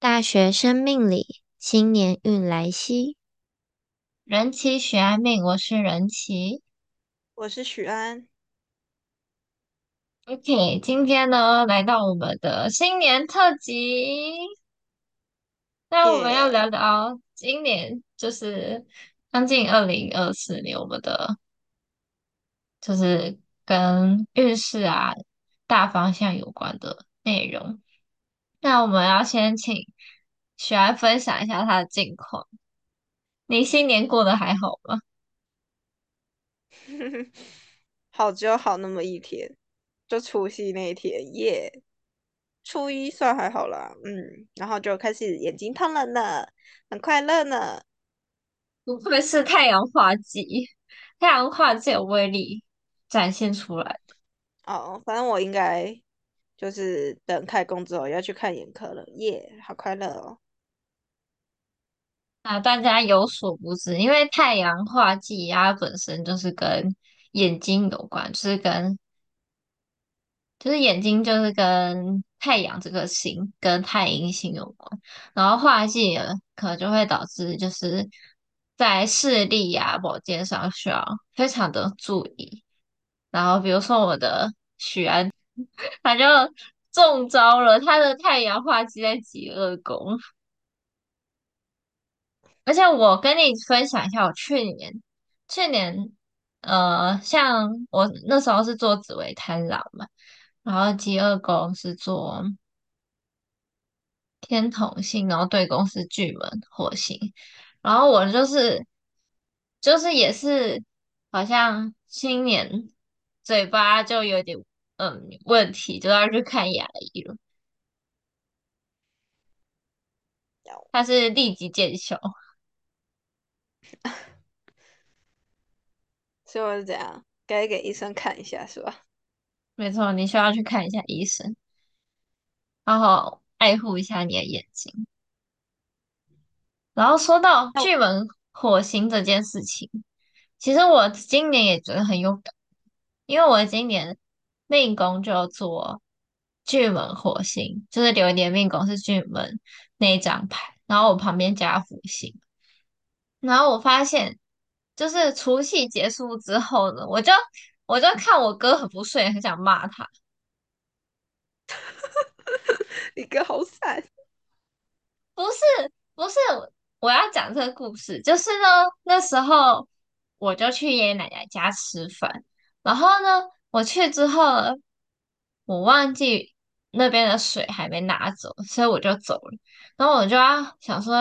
大學生命理，新年運來襲。人奇煦銨命，我是人奇，我是煦銨。OK，今天呢，來到我們的新年特輯，那我們要聊聊今年，就是將近二零二四年，我們的就是跟運勢啊、大方向有關的內容。那我們要先請煦銨分享一下他的近況。你新年過得還好嗎？ 好，只有好那麼一天，就除夕那一天耶。Yeah! 初一算還好啦，嗯，然後就開始眼睛燙了呢，很快樂呢，特別是太陽化忌，太陽化忌最有威力，展現出來。哦，反正我應該。就是等開工之後要去看眼科了，耶、yeah，好快樂哦！啊，大家有所不知，因為太陽化忌啊，本身就是跟眼睛有關，就是跟，就是眼睛就是跟太陽這個星跟太陰星有關，然後化忌、啊、可能就會導致就是在視力呀、啊，保健上需要非常的注意，然後比如說我的煦銨。反 正中招了，他的太陽化忌在疾厄宮，而且我跟你分享一下，我去年去年呃，像我那時候是做紫微貪狼嘛，然後疾厄宮是做天同星，然後對宮是巨門火星，然後我就是就是也是好像新年嘴巴就有點。嗯，問題就要去看牙醫了。他是立即見效，所以我是怎樣，該給醫生看一下，是吧？沒錯，你需要去看一下醫生，然後愛護一下你的眼睛。然後說到巨門火星這件事情，其實我今年也覺得很有感，因為我今年。命宮就做巨門火星，就是流年命宮是巨門那一張牌，然後我旁邊加火星，然後我發現就是除夕結束之後呢，我就我就看我哥很不順眼，很想罵他。 你哥好慘！不是不是，我，我要講這個故事，就是呢那時候我就去爺爺奶奶家吃飯，然後呢。我去之後，我忘記那邊的水還沒拿走，所以我就走了。然後我就要、啊、想說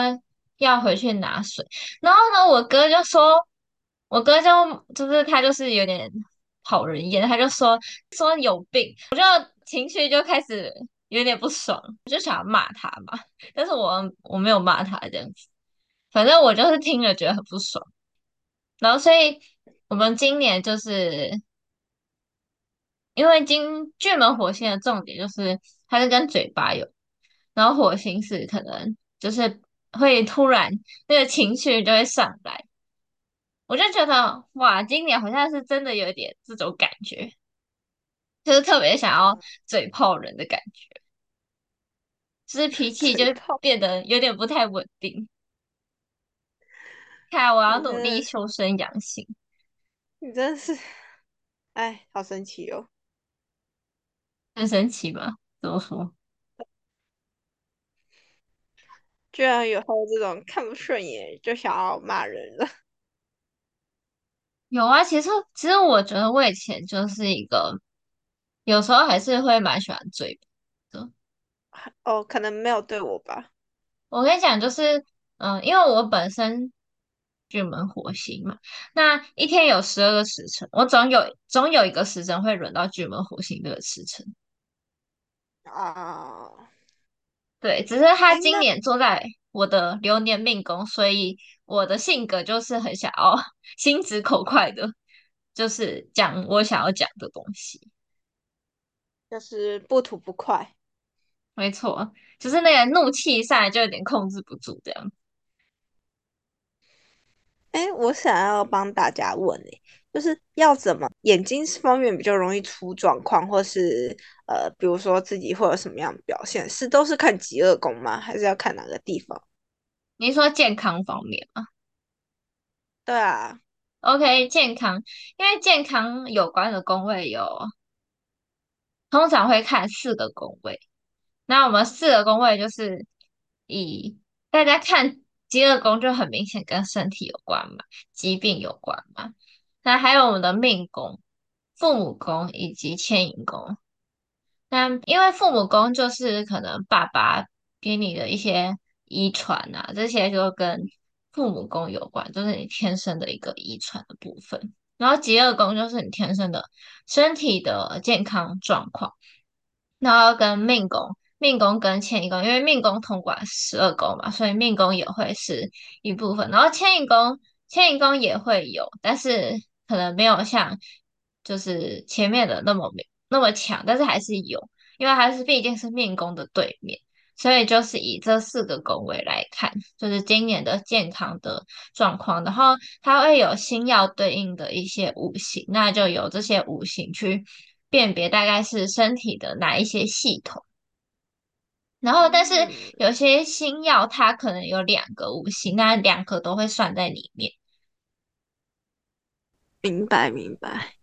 要回去拿水，然後呢，我哥就說，我哥就就是他就是有點討人厭，他就說說有病，我就情緒就開始有點不爽，我就想罵他嘛。但是我我沒有罵他這樣子，反正我就是聽了覺得很不爽。然後，所以我們今年就是。因為金巨門火星的重點就是，它是跟嘴巴有，然後火星是可能就是會突然那個情緒就會上來，我就覺得哇，今年好像是真的有點這種感覺，就是特別想要嘴炮人的感覺，就是脾氣就是變得有點不太穩定。看我要努力修身養性、嗯，你真是，哎，好神奇哦。很神奇吧？怎麼說？居然以後這種看不順眼就想要罵人了？有啊，其實其實我覺得我以前就是一個有時候還是會蠻喜歡追的。哦，可能沒有對我吧。我跟你講，就是嗯、呃，因為我本身巨門火星嘛，那一天有十二個時辰，我總有總有一個時辰會輪到巨門火星這個時辰。啊、uh，對，只是他今年坐在我的流年命宮，所以我的性格就是很想要心直口快的，就是講我想要講的東西，就是不吐不快。沒錯，只、就是那個怒氣一上來就有點控制不住這樣。誒，我想要幫大家問你。就是要怎麼眼睛方面比較容易出狀況，或是呃，比如說自己會有什麼樣的表現，是都是看疾厄宮嗎？還是要看哪個地方？你說健康方面嗎？對啊，OK，健康，因為健康有關的宮位有，通常會看四個宮位。那我們四個宮位就是以大家看疾厄宮就很明顯跟身體有關嘛，疾病有關嘛。那還有我們的命宮、父母宮以及遷移宮。那因為父母宮就是可能爸爸給你的一些遺傳啊，這些就跟父母宮有關，就是你天生的一個遺傳的部分。然後疾厄宮就是你天生的身體的健康狀況。然後跟命宮、命宮跟遷移宮，因為命宮統管十二宮嘛，所以命宮也會是一部分。然後遷移宮、遷移宮也會有，但是。可能沒有像就是前面的那麼那麼強，但是還是有，因為它是畢竟是命宮的對面，所以就是以這四個宮位來看，就是今年的健康的狀況，然後它會有星曜對應的一些五行，那就由這些五行去辨別大概是身體的哪一些系統，然後但是有些星曜它可能有兩個五行，那兩個都會算在裡面。明白，明白。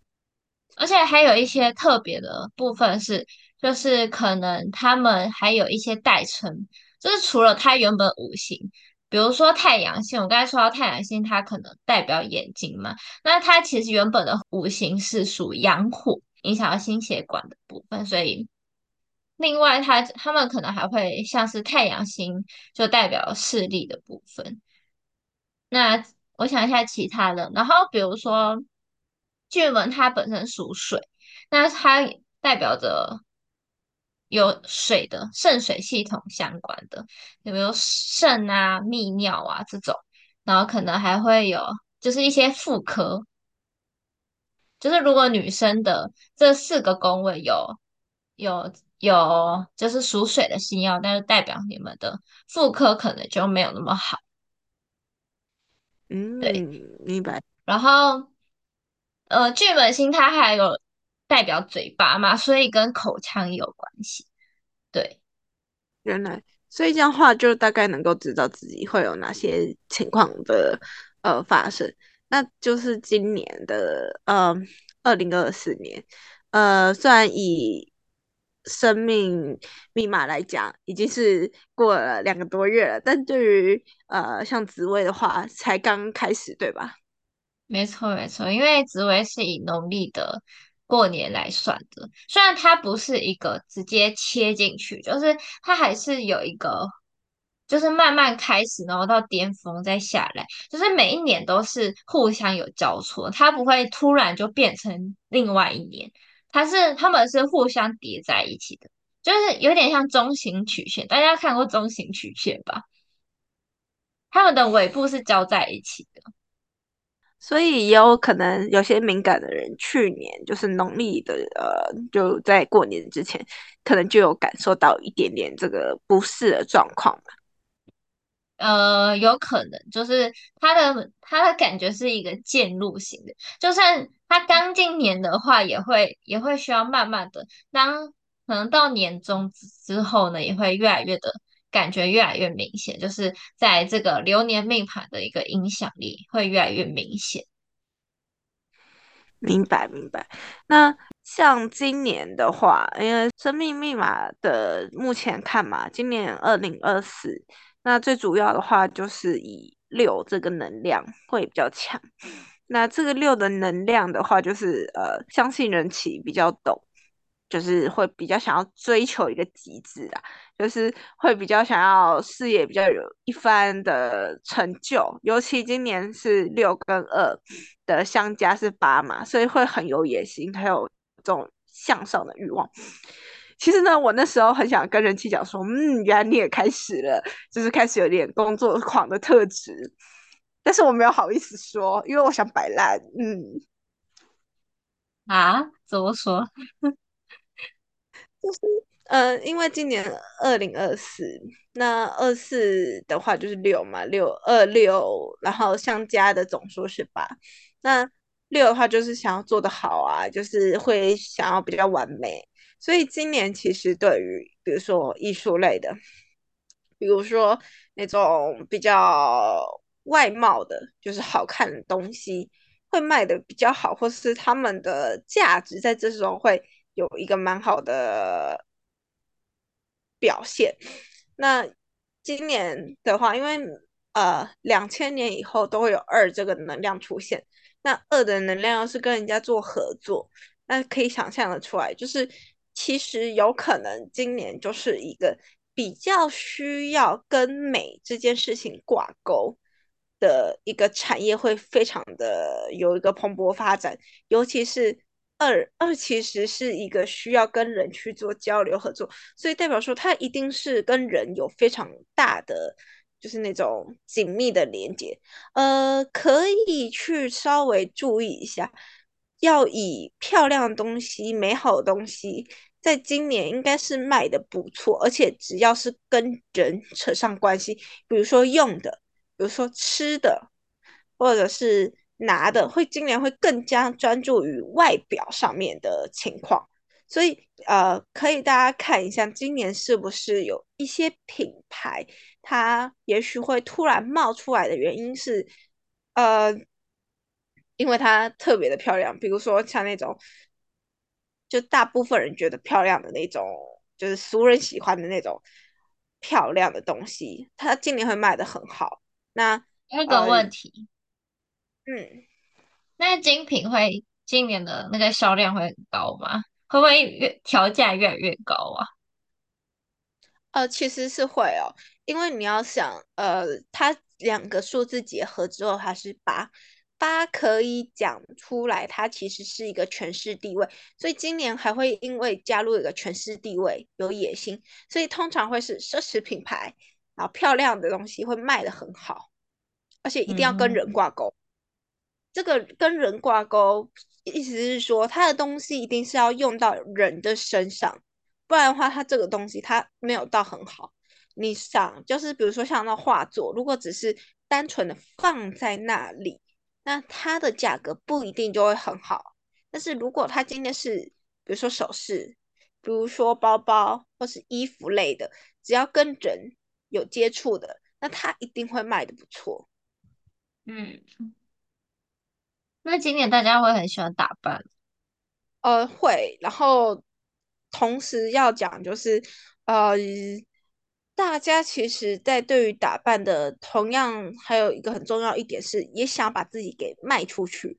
而且還有一些特別的部分是，就是可能他們還有一些代稱，就是除了它原本五行，比如說太陽星，我剛才說到太陽星，它可能代表眼睛嘛，那它其實原本的五行是屬陽火，影響到心血管的部分，所以另外它他，他們可能還會像是太陽星，就代表視力的部分，那。我想一下其他的，然後比如說巨門它本身屬水，那它代表着有水的腎水系統相關的，有沒有腎啊、泌尿啊這種？然後可能還會有就是一些婦科，就是如果女生的這四個宮位有有有就是屬水的星曜，但是代表你們的婦科可能就沒有那麼好。嗯，對，明白。然後，呃，巨門星它還有代表嘴巴嘛，所以跟口腔也有關係。對，原來，所以這樣話就大概能夠知道自己會有哪些情況的呃發生。那就是今年的呃二零二四年，呃，雖然以。生命密碼來講，已經是過了兩個多月了。但對於呃，像紫微的話，才剛開始，對吧？沒錯，沒錯。因為紫微是以農曆的過年來算的，雖然它不是一個直接切進去，就是它還是有一個，就是慢慢開始，然後到巔峰再下來，就是每一年都是互相有交錯，它不會突然就變成另外一年。它是它們是互相疊在一起的，就是有點像鐘形曲線。大家看過鐘形曲線吧？它們的尾部是交在一起的，所以也有可能有些敏感的人，去年就是農曆的呃，就在過年之前，可能就有感受到一點點這個不適的狀況呃，有可能就是他的他的感覺是一個漸入型的，就算他剛進今年的話，也會也會需要慢慢的，當可能到年終之後呢，也會越來越的感覺越來越明顯，就是在這個流年命盤的一個影響力會越來越明顯。明白明白。那像今年的話，因為生命密碼的目前看嘛，今年二零二四。那最主要的話就是以六這個能量會比較強。那這個六的能量的話，就是呃，相信人奇比較懂，就是會比較想要追求一個極致啊，就是會比較想要事業比較有一番的成就。尤其今年是六跟二的相加是八嘛，所以會很有野心，還有這種向上的慾望。其實呢，我那時候很想跟人奇講說，嗯，原來你也開始了，就是開始有點工作狂的特質，但是我沒有好意思說，因為我想擺爛，嗯，啊，怎麼說？ 就是，嗯、呃，因為今年二零二四，那二四的話就是六嘛，六二六，然後相加的總數是八，那六的話就是想要做得好啊，就是會想要比較完美。所以今年其實對於比如說藝術類的，比如說那種比較外貌的，就是好看的東西會賣的比較好，或是他們的價值在這時候會有一個蠻好的表現。那今年的話，因為呃兩千年以後都會有二這個能量出現，那二的能量是跟人家做合作，那可以想象的出來，就是。其實有可能今年就是一個比較需要跟美這件事情掛鈎的一個產業，會非常的有一個蓬勃發展。尤其是二二，其實是一個需要跟人去做交流合作，所以代表說它一定是跟人有非常大的就是那種緊密的連接。呃，可以去稍微注意一下，要以漂亮東西、美好的東西。在今年應該是賣的不錯，而且只要是跟人扯上關係，比如說用的，比如說吃的，或者是拿的，會今年會更加專注於外表上面的情況。所以呃，可以大家看一下今年是不是有一些品牌，它也許會突然冒出來的原因是，呃，因為它特別的漂亮，比如說像那種。就大部分人覺得漂亮的那種，就是俗人喜歡的那種漂亮的東西，它今年會賣得很好。那那個問題、呃，嗯，那精品會今年的那個銷量會很高嗎？會不會越調價越來越高啊？呃，其實是會哦，因為你要想，呃，它兩個數字結合之後還是八。他可以講出來，它其實是一個權勢地位，所以今年還會因為加入一個權勢地位有野心，所以通常會是奢侈品牌，啊，漂亮的東西會賣得很好，而且一定要跟人掛鈎。嗯。這個跟人掛鈎，意思是說他的東西一定是要用到人的身上，不然的話，他這個東西他沒有到很好。你想，就是比如說像那畫作，如果只是單純的放在那裡。那它的價格不一定就會很好，但是如果它今天是，比如說首飾，比如說包包或是衣服類的，只要跟人有接觸的，那它一定會賣的不錯。嗯，那今年大家會很喜歡打扮？呃，會。然後同時要講就是，呃。大家其實，在對於打扮的同樣，還有一個很重要一點是，也想把自己給賣出去，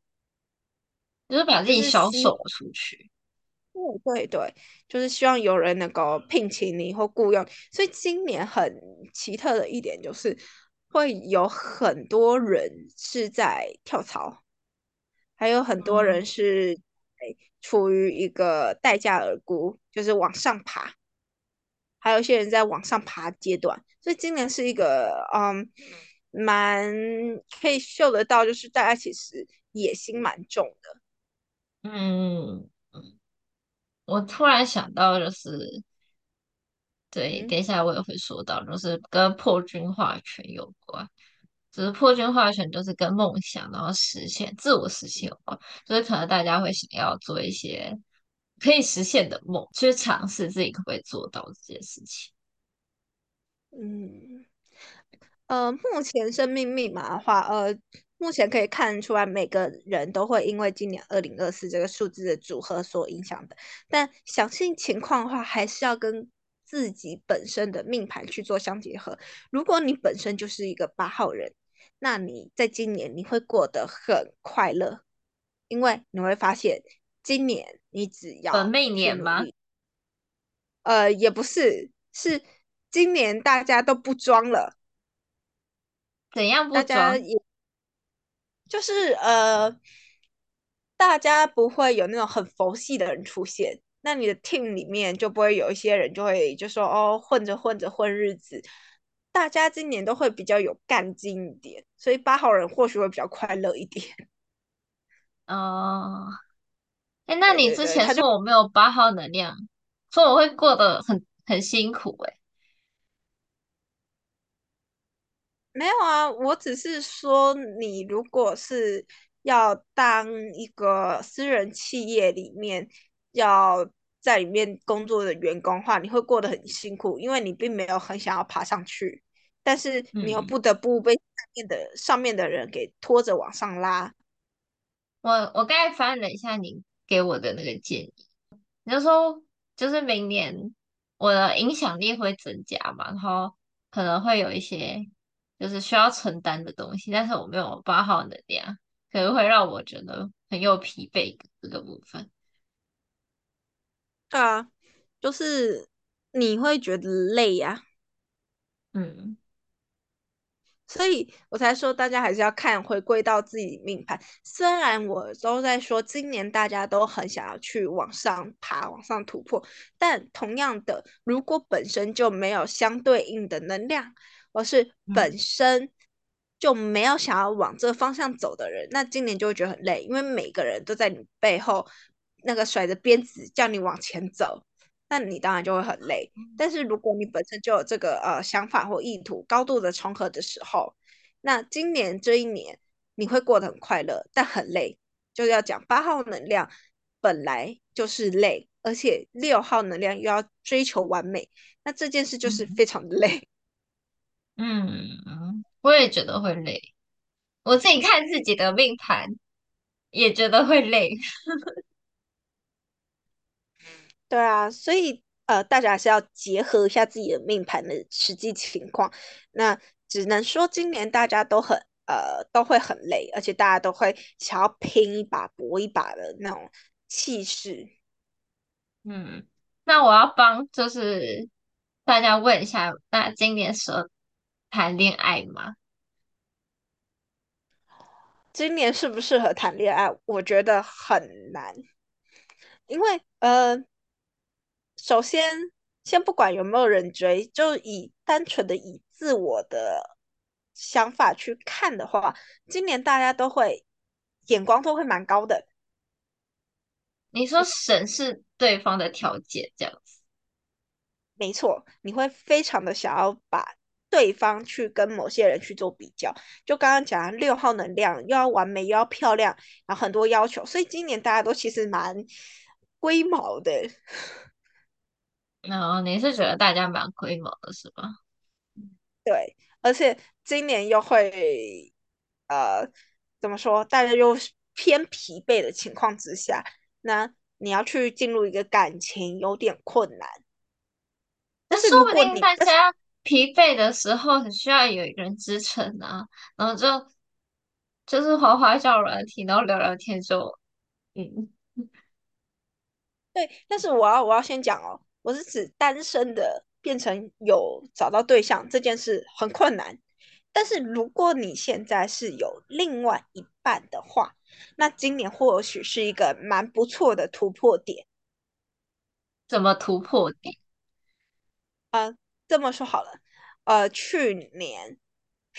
就是把自己銷售出去。對、就是嗯、對對，就是希望有人能夠聘請你或僱用、嗯。所以今年很奇特的一點就是，會有很多人是在跳槽，還有很多人是處、嗯哎、於一個待價而沽，就是往上爬。還有一些人在往上爬階段，所以今年是一個，嗯，蠻可以嗅得到，就是大家其實野心蠻重的。嗯，我突然想到，就是對，等一下我也會說到，嗯，就是跟破軍化權有關，就是破軍化權都是跟夢想然後實現自我實現有關，所以可能大家會想要做一些。可以實現的夢，去、就是、嘗試自己可不可以做到這件事情。嗯，呃，目前生命密碼的話，呃，目前可以看出來，每個人都會因為今年二零二四這個數字的組合所影響的。但詳細情況的話，還是要跟自己本身的命盤去做相結合。如果你本身就是一個八號人，那你在今年你會過得很快樂，因為你會發現。今年你只要本命年嗎？呃，也不是，是今年大家都不裝了。怎樣不裝？大家也就是呃，大家不會有那種很佛系的人出現。那你的 team 裡面就不會有一些人就會就說哦混着混着混日子。大家今年都會比較有幹勁一點，所以八號人或許會比較快樂一點。嗯、哦。哎、欸，那你之前說我沒有八號能量，說我會過得很很辛苦、欸，哎，沒有啊，我只是說你如果是要當一個私人企業裡面要在裡面工作的員工的話，你會過得很辛苦，因為你並沒有很想要爬上去，但是你又不得不被上面的上面的人給拖着往上拉。嗯、我我剛才翻了一下你給我的那個建議，你就說就是明年我的影響力會增加嘛，然後可能會有一些就是需要承擔的東西，但是我沒有八號能量，可能會讓我覺得很有疲憊這個部分。啊，就是你會覺得累呀、啊，嗯。所以，我才說大家還是要看回歸到自己命盤。雖然我都在說今年大家都很想要去往上爬、往上突破，但同樣的，如果本身就沒有相對應的能量，或是本身就沒有想要往這方向走的人，嗯，那今年就會覺得很累，因為每個人都在你背後那個甩着鞭子叫你往前走。那你當然就會很累，但是如果你本身就有這個呃想法或意圖高度的重合的時候，那今年這一年你會過得很快樂，但很累。就是要講八號能量本來就是累，而且六號能量又要追求完美，那這件事就是非常的累。嗯嗯，我也覺得會累，我自己看自己的命盤也覺得會累。 對啊，所以呃，大家還是要結合一下自己的命盤的實際情況。那只能說今年大家都很呃都會很累，而且大家都會想要拼一把、搏一把的那種氣勢。嗯，那我要幫就是大家問一下，那今年適合談戀愛嗎？今年適不適合談戀愛？我覺得很難，因為呃。首先，先不管有沒有人追，就以單純的以自我的想法去看的話，今年大家都會眼光都會蠻高的。你說審視對方的條件這樣子，沒錯，你會非常的想要把對方去跟某些人去做比較。就剛剛講六號能量，又要完美又要漂亮，然後很多要求，所以今年大家都其實蠻龜毛的。哦、oh，你是覺得大家蠻龜毛的，是吧？對，而且今年又會，呃，怎麼說，大家又偏疲憊的情況之下，那你要去進入一個感情有點困難。那說不定大家疲憊的時候，很需要有一個人支撐啊，然後就就是滑滑交友軟體，然後聊聊天就，就嗯，對。但是我要我要先講哦。我是指單身的變成有找到對象這件事很困難，但是如果你現在是有另外一半的話，那今年或許是一個蠻不錯的突破點。怎麼突破點？啊、呃，這麼說好了，呃，去年。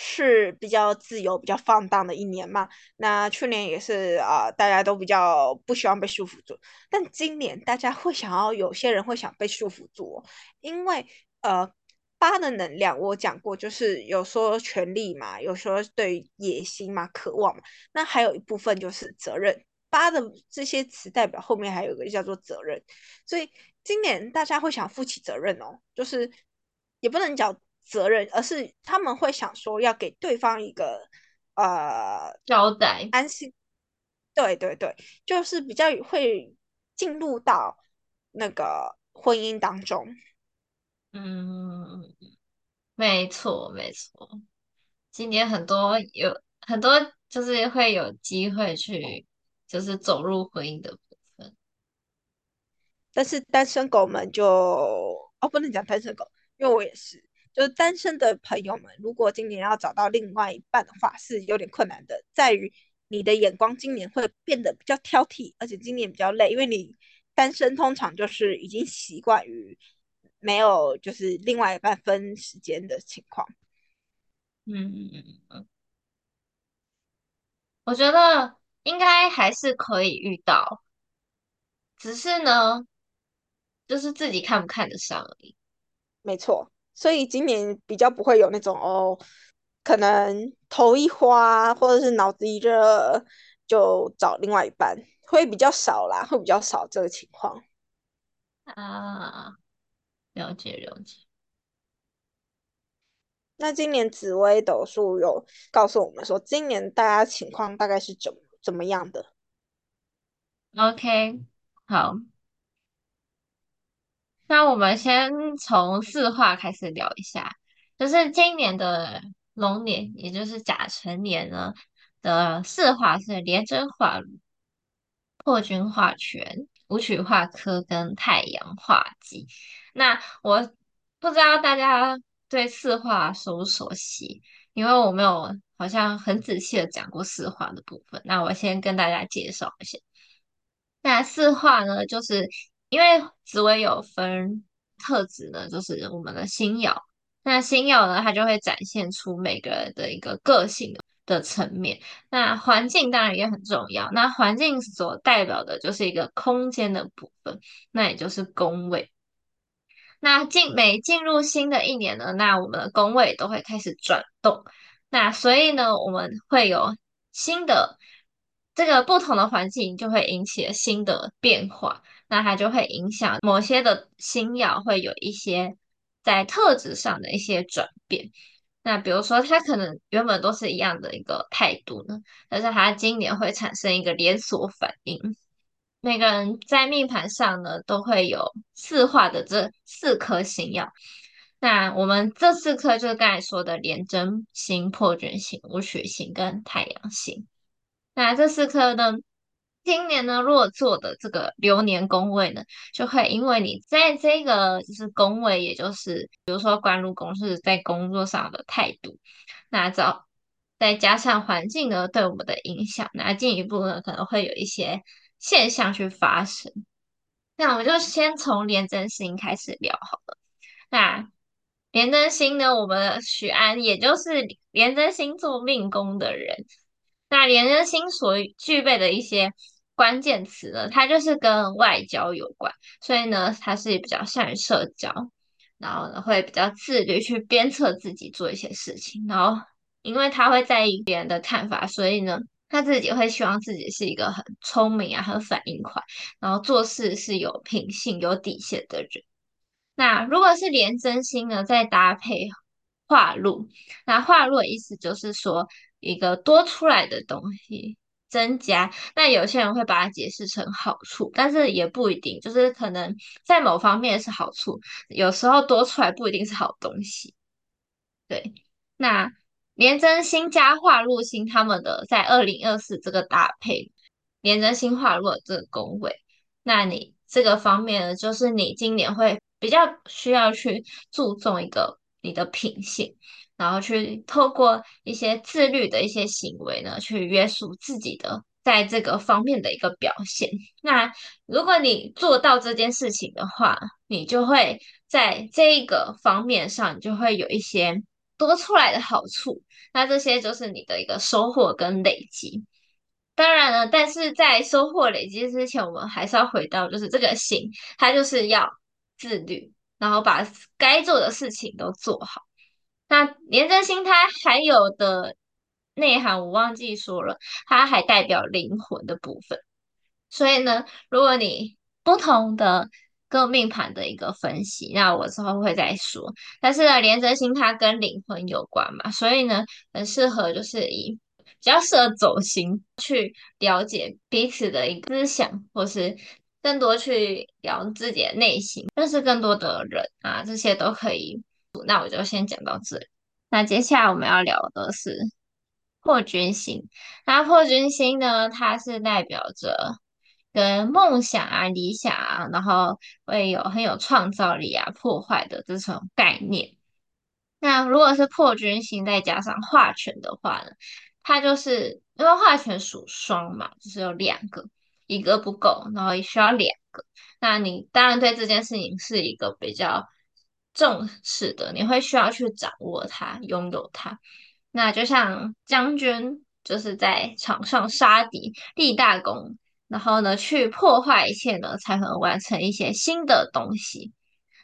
是比較自由、比較放蕩的一年嘛？那去年也是啊、呃，大家都比較不希望被束縛住。但今年大家會想要，有些人會想被束縛住哦，因為呃，八的能量我講過，就是有說權力嘛，有說對野心嘛、渴望嘛，那還有一部分就是責任。八的這些詞代表後面還有一個叫做責任，所以今年大家會想負起責任哦，就是也不能講責任，而是他們會想說要給對方一個呃交代、安心。對對對，就是比較會進入到那個婚姻當中。嗯，沒錯沒錯。今年很多有很多就是會有機會去就是走入婚姻的部分，但是單身狗們就哦，不能講單身狗，因為我也是。就是單身的朋友們，如果今年要找到另外一半的話，是有點困難的。在於你的眼光今年會變得比較挑剔，而且今年比較累，因為你單身通常就是已經習慣於沒有就是另外一半分時間的情況。嗯嗯嗯嗯，我覺得應該還是可以遇到，只是呢，就是自己看不看得上而已。沒錯。所以今年比較不會有那種哦，可能頭一花或者是腦子一熱就找另外一半，會比較少啦，會比較少這個情況。啊，了解了解。那今年紫微斗數有告訴我們說，今年大家情況大概是怎怎麼樣的？OK，好。那我們先從四化開始聊一下，就是今年的龍年，也就是甲辰年呢的四化是廉貞化、破軍化權、武曲化科跟太陽化忌。那我不知道大家對四化熟不熟悉，因為我沒有好像很仔細的講過四化的部分。那我先跟大家介紹一下，那四化呢就是。因為紫微有分特質呢，就是我們的星曜，那星曜呢，它就會展現出每個人的一個個性的層面。那環境當然也很重要。那環境所代表的就是一個空間的部分，那也就是宮位。那進每進入新的一年呢，那我們的宮位都會開始轉動。那所以呢，我們會有新的這個不同的環境，就會引起了新的變化。那它就會影響某些的星曜會有一些在特質上的一些轉變。那比如說，它可能原本都是一樣的一個態度呢，但是它今年會產生一個連鎖反應。每個人在命盤上呢，都會有四化的這四顆星曜，那我們這四顆就是剛才說的廉貞星、破軍星、武曲星跟太陽星。那這四顆呢，今年呢，落座的這個流年宮位呢，就會因為你在這個就是宮位，也就是比如說官祿宮是在工作上的態度，那再再加上環境呢，對我們的影響，那進一步呢可能會有一些現象去發生。那我們就先從廉貞星開始聊好了。那廉貞星呢，我們煦銨也就是廉貞星做命宮的人，那廉貞星所具備的一些。關鍵詞呢，它就是跟外交有關，所以呢，他是比較善於社交，然後呢會比較自律去鞭策自己做一些事情，然後因為他會在意別人的看法，所以呢，他自己會希望自己是一個很聰明啊、很反應快，然後做事是有品性、有底線的人。那如果是廉貞星呢，再搭配化祿，那化祿意思就是說一個多出來的東西。增加，那有些人會把它解釋成好處，但是也不一定，就是可能在某方面是好處，有時候多出來不一定是好東西。對，那廉貞星加化祿星他們的在二零二四這個搭配，廉貞星化祿這個宮位，那你這個方面呢，就是你今年會比較需要去注重一個你的品性。然後去透過一些自律的一些行為呢，去約束自己的在這個方面的一個表現。那如果你做到這件事情的話，你就會在這一個方面上，你就會有一些多出來的好處。那這些就是你的一個收穫跟累積。當然了，但是在收穫累積之前，我們還是要回到就是這個行，它就是要自律，然後把該做的事情都做好。那廉貞星它還有的內涵我忘記說了，它還代表靈魂的部分。所以呢，如果你不同的各命盤的一個分析，那我之後會再說。但是呢，廉貞星它跟靈魂有關嘛，所以呢，很適合就是以比較適合走心去了解彼此的一個思想，或是更多去聊自己的內心，認識更多的人啊，這些都可以。那我就先講到這裡。那接下來我們要聊的是破軍星。那破軍星呢，它是代表着跟夢想啊、理想啊，然後會有很有創造力啊、破壞的這種概念。那如果是破軍星再加上化權的話呢，它就是因為化權屬雙嘛，就是有兩個，一個不夠，然後也需要兩個。那你當然對這件事情是一個比較。重視的，你會需要去掌握它，擁有它。那就像將軍，就是在場上殺敵立大功，然後呢，去破壞一切呢，才能完成一些新的東西。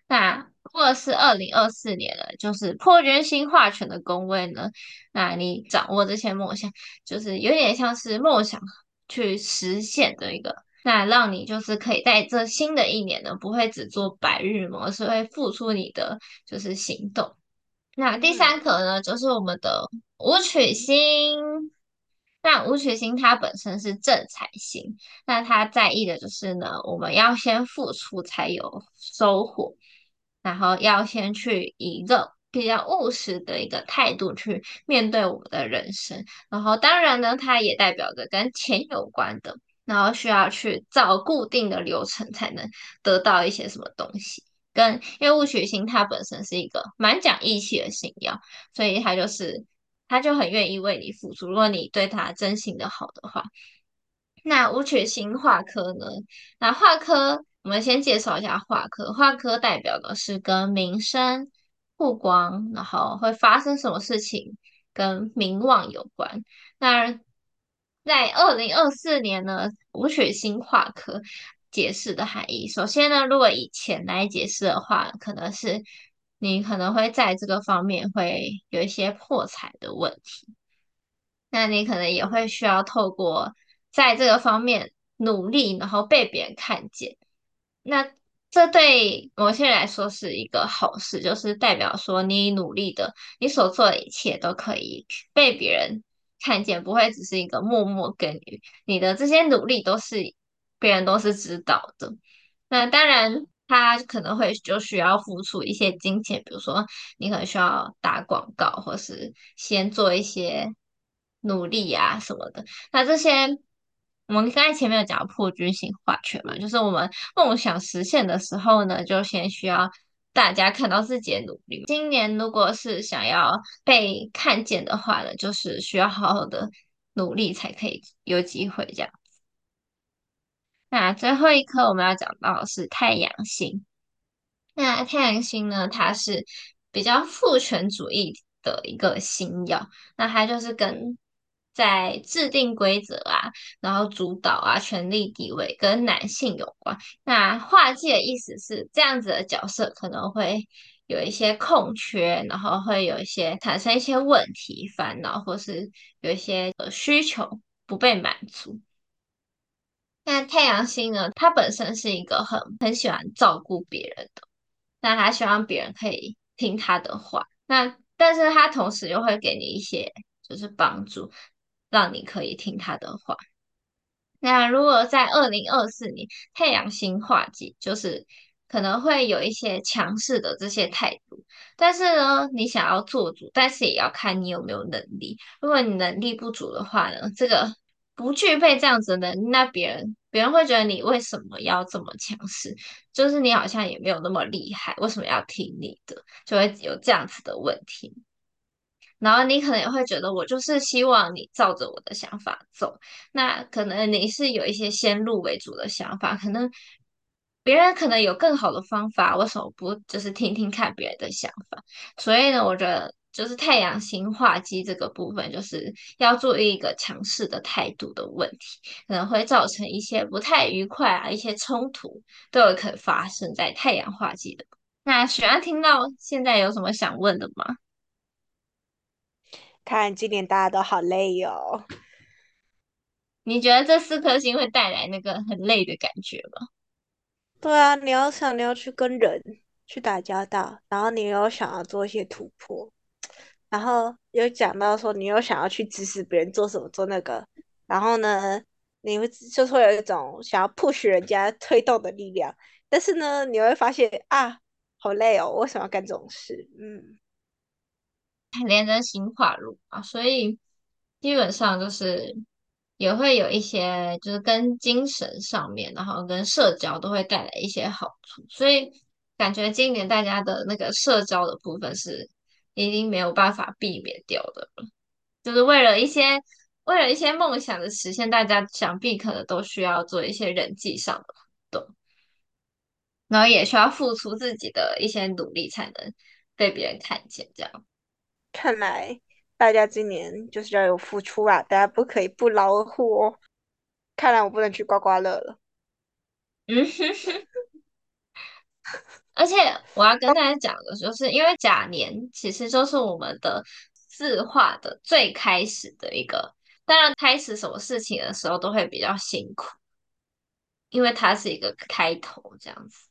那或果如果是二零二四年呢，就是破軍星化權的宮位呢，那你掌握這些夢想，就是有點像是夢想去實現的一個。那讓你就是可以在這新的一年呢，不會只做白日夢，而是會付出你的就是行動。那第三顆呢、嗯，就是我們的武曲星。那武曲星它本身是正財星，那它在意的就是呢，我們要先付出才有收穫，然後要先去以一個比較務實的一個態度去面對我們的人生。然後當然呢，它也代表着跟錢有關的。然後需要去照固定的流程才能得到一些什麼東西。跟因為武曲星它本身是一個蠻講義氣的星曜，所以他就是他就很願意為你付出。如果你對他真心的好的話，那武曲星化科呢？那化科我們先介紹一下化科，化科代表的是跟名聲、曝光，然後會發生什麼事情跟名望有關。那在二零二四年呢，武曲星化科解釋的含義。首先呢，如果以錢來解釋的話，可能是你可能會在這個方面會有一些破財的問題。那你可能也會需要透過在這個方面努力，然後被別人看見。那這對某些人來說是一個好事，就是代表說你努力的，你所做的一切都可以被別人。看見不會只是一個默默耕耘，你的這些努力都是別人都是知道的。那當然，他可能會就需要付出一些金錢，比如說你可能需要打廣告，或是先做一些努力啊什麼的。那這些我們剛才前面有講破軍星化權嘛，就是我們夢想實現的時候呢，就先需要。大家看到自己的努力。今年如果是想要被看見的話呢，就是需要好好的努力才可以有機會這樣。那最後一顆我們要講到是太陽星。那太陽星呢，它是比較父權主義的一個星曜，那它就是跟。在制定規則啊，然後主導啊，權力地位跟男性有關。那化忌的意思是這樣子的角色，可能會有一些空缺，然後會有一些產生一些問題、煩惱，或是有一些需求不被滿足。那太陽星呢，它本身是一個很很喜歡照顧別人的，那他希望別人可以聽他的話。那但是他同時又會給你一些就是幫助。讓你可以聽他的話。那如果在二零二四年太陽星化忌，就是可能會有一些強勢的這些態度。但是呢，你想要做主，但是也要看你有沒有能力。如果你能力不足的話呢，這個不具備這樣子的能力，那別人別人會覺得你為什麼要這麼強勢？就是你好像也沒有那麼厲害，為什麼要聽你的？就會有這樣子的問題。然後你可能也會覺得我就是希望你照着我的想法走，那可能你是有一些先入為主的想法，可能別人可能有更好的方法，為什麼不就是聽聽看別人的想法？所以呢，我覺得就是太陽星化忌這個部分，就是要注意一個強勢的態度的問題，可能會造成一些不太愉快啊，一些衝突都有可能發生在太陽化忌的。那煦銨聽到現在有什麼想問的嗎？看，今年大家都好累喲、哦。你覺得這四顆星會帶來那個很累的感覺嗎？對啊，你要想你要去跟人去打交道，然後你又想要做一些突破，然後又講到說你又想要去指使別人做什麼做那個，然後呢，你會就是會有一種想要 push 人家推動的力量，但是呢，你會發現啊，好累哦，為什麼要幹這種事？嗯。廉貞化祿啊，所以基本上就是也會有一些，就是跟精神上面，然後跟社交都會帶來一些好處。所以感覺今年大家的那個社交的部分是已經沒有辦法避免掉的了，就是為了一些為了一些夢想的實現，大家想必可能都需要做一些人際上的活動，然後也需要付出自己的一些努力才能被別人看見，這樣。看來大家今年就是要有付出啊！大家不可以不勞而獲哦。看來我不能去刮刮樂了。嗯 而且我要跟大家講的就是，因為甲年其實就是我們的字畫的最開始的一個，當然開始什麼事情的時候都會比較辛苦，因為它是一個開頭這樣子。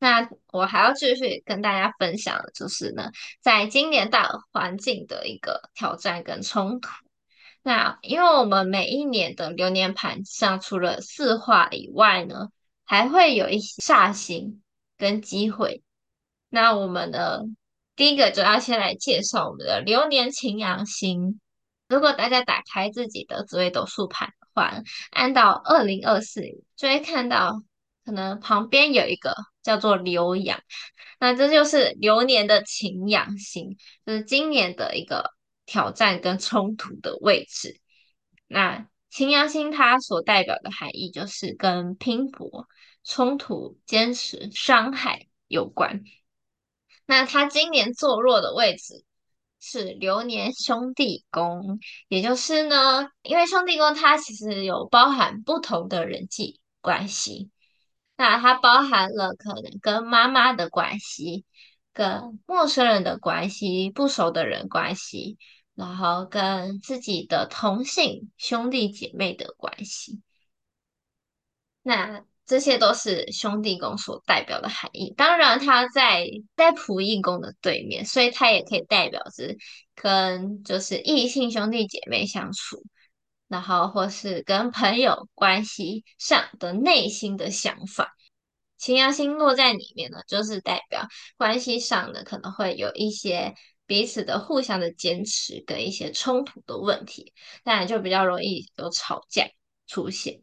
那我還要繼續跟大家分享的就是呢，在今年大環境的一個挑戰跟衝突。那因為我們每一年的流年盤上，除了四化以外呢，還會有一些煞星跟機會。那我們呢，第一個就要先來介紹我們的流年擎羊星。如果大家打開自己的紫微斗數盤環，按到二零二四，就會看到。可能旁邊有一個叫做流羊，那這就是流年的擎羊星，就是今年的一個挑戰跟衝突的位置。那擎羊星它所代表的含義就是跟拼搏、衝突、堅持、傷害有關。那它今年坐落的位置是流年兄弟宮，也就是呢，因為兄弟宮它其實有包含不同的人際關係。那它包含了可能跟媽媽的關係，跟陌生人的關係，不熟的人關係，然後跟自己的同性兄弟姐妹的關係。那這些都是兄弟宮所代表的含義。當然他，它在在僕役宮的對面，所以它也可以代表是跟就是異性兄弟姐妹相處。然後，或是跟朋友關係上的內心的想法，擎羊星落在裡面呢，就是代表關係上呢可能會有一些彼此的互相的堅持，跟一些衝突的問題，當然就比較容易有吵架出現。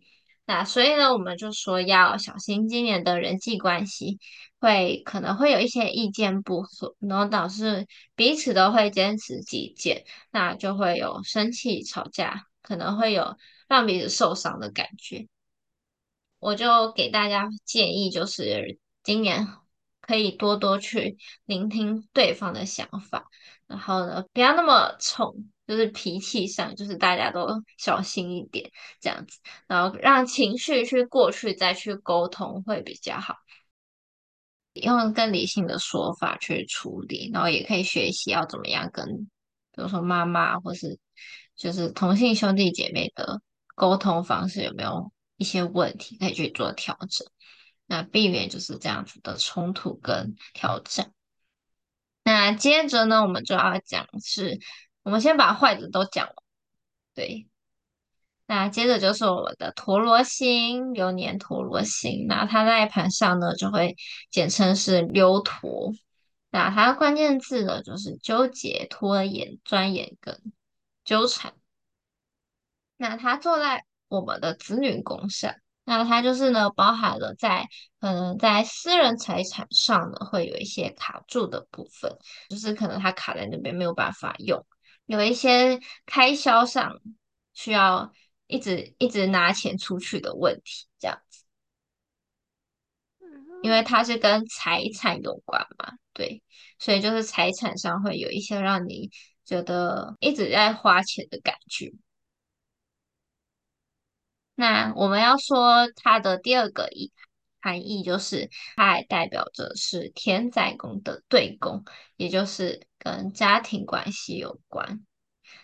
那所以呢，我們就說要小心今年的人際關係，會可能會有一些意見不合，然後導致彼此都會堅持己見，那就會有生氣、吵架。可能會有讓彼此受傷的感覺，我就給大家建議，就是今年可以多多去聆聽對方的想法，然後呢，不要那麼衝，就是脾氣上，就是大家都小心一點，這樣子，然後讓情緒去過去，再去溝通會比較好，用更理性的說法去處理，然後也可以學習要怎麼樣跟，比如說媽媽或是。就是同性兄弟姐妹的溝通方式有沒有一些問題可以去做調整，那避免就是這樣子的衝突跟挑戰。那接着呢，我們就要講，是我們先把壞的都講完，對。那接着就是我們的陀羅星，流年陀羅星，那它在盤上呢，就會簡稱是流陀。那它的關鍵字呢，就是糾結、拖延、鑽研跟。糾纏。那它坐在我們的子女宮上，那它就是呢，包含了在可能，呃、在私人財產上呢，會有一些卡住的部分，就是可能它卡在那邊沒有辦法用，有一些開銷上需要一直一直拿錢出去的問題，這樣子。嗯。因為它是跟財產有關嘛，對，所以就是財產上會有一些讓你。覺得一直在花錢的感覺。那我們要說它的第二個意含義，就是它還代表着是田宅宮的對宮，也就是跟家庭關係有關。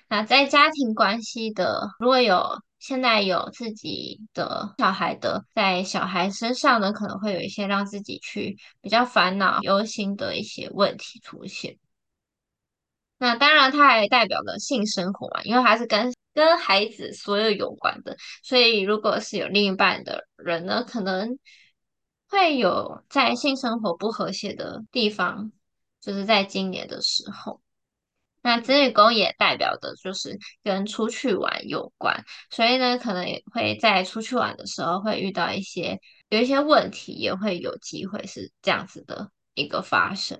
那在家庭關係的，如果有現在有自己的小孩的，在小孩身上呢，可能會有一些讓自己去比較煩惱、憂心的一些問題出現。那當然，它還代表的性生活嘛，因為它是跟跟孩子所有有關的，所以如果是有另一半的人呢，可能會有在性生活不和諧的地方，就是在今年的時候。那子女宮也代表的就是跟出去玩有關，所以呢，可能也會在出去玩的時候會遇到一些有一些問題，也會有機會是這樣子的一個發生。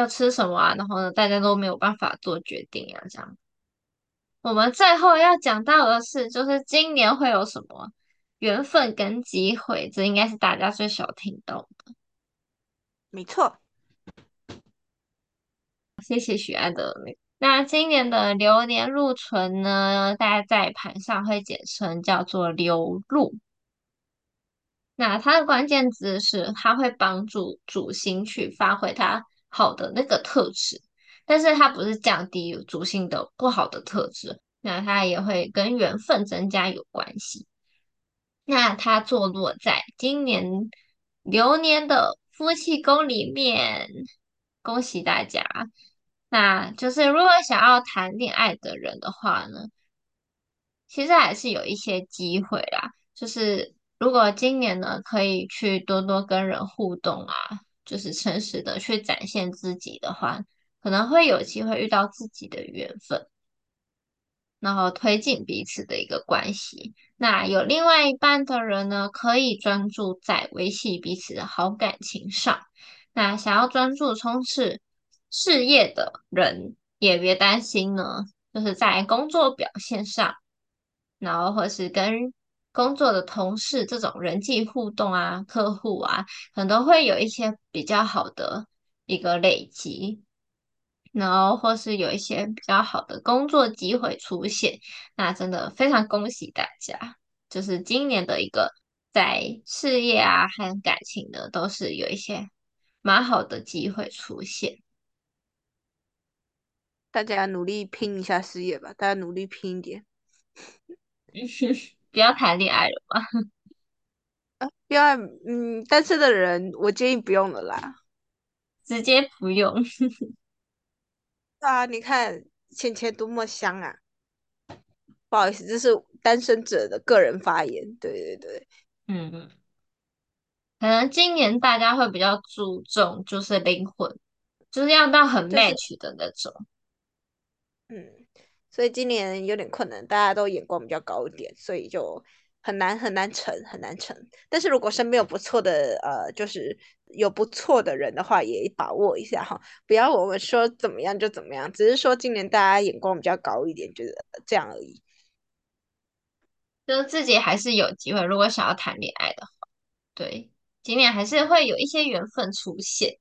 要吃什麼啊？然後呢，大家都沒有辦法做決定啊。這樣，我們最後要講到的是，就是今年會有什麼緣分跟機會，這應該是大家最少聽到的。沒錯，謝謝煦銨。那今年的流年祿存呢，大家在盤上會簡稱叫做流祿。那它的關鍵字是，它會幫助主星去發揮它，好的那個特質，但是它不是降低屬性的不好的特質，那它也會跟緣分增加有關係。那它坐落在今年流年的夫妻宮裡面，恭喜大家。那就是如果想要談戀愛的人的話呢，其實還是有一些機會啦。就是如果今年呢，可以去多多跟人互動啊。就是誠實的去展現自己的話，可能會有機會遇到自己的緣分，然後推進彼此的一個關係。那有另外一半的人呢，可以專注在維繫彼此的好感情上。那想要專注衝刺事業的人，也別擔心呢，就是在工作表現上，然後或是跟。工作的同事，這種人際互動啊，客戶啊，很多會有一些比較好的一個累積，然後或是有一些比較好的工作機會出現，那真的非常恭喜大家！就是今年的一個在事業啊，還有感情的都是有一些蠻好的機會出現，大家努力拼一下事業吧，大家努力拼一點，嗯。謝。不要談戀愛了吧，啊？不要，嗯，單身的人我建議不用了啦，直接不用。 啊，你看芊芊多麼香啊！不好意思，這是單身者的個人發言。對對對，嗯嗯，可能今年大家會比較注重，就是靈魂，就是要到很 match 的那種。就是，嗯。所以今年有點困難，大家都眼光比較高一點，所以就很難很難成很難成。但是如果身邊有不錯的呃，就是有不錯的人的話，也把握一下哈，不要我們說怎麼樣就怎麼樣。只是說今年大家眼光比較高一點，就是這樣而已。就是自己還是有機會，如果想要談戀愛的話，對，今年還是會有一些緣分出現，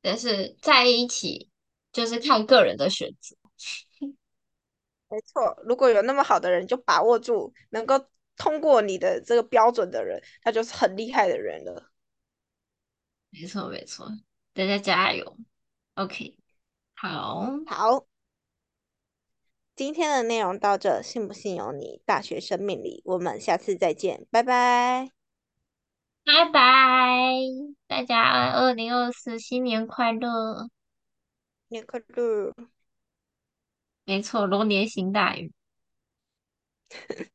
但是在一起就是看個人的選擇。沒錯，如果有那麼好的人，就把握住能夠通過你的這個標準的人，他就是很厲害的人了。沒錯，沒錯，大家加油。OK，好，好，今天的內容到這，信不信由你。大學生命理，我們下次再見，拜拜，拜拜，大家二零二四新年快樂，年快樂。沒錯，龍年行大運。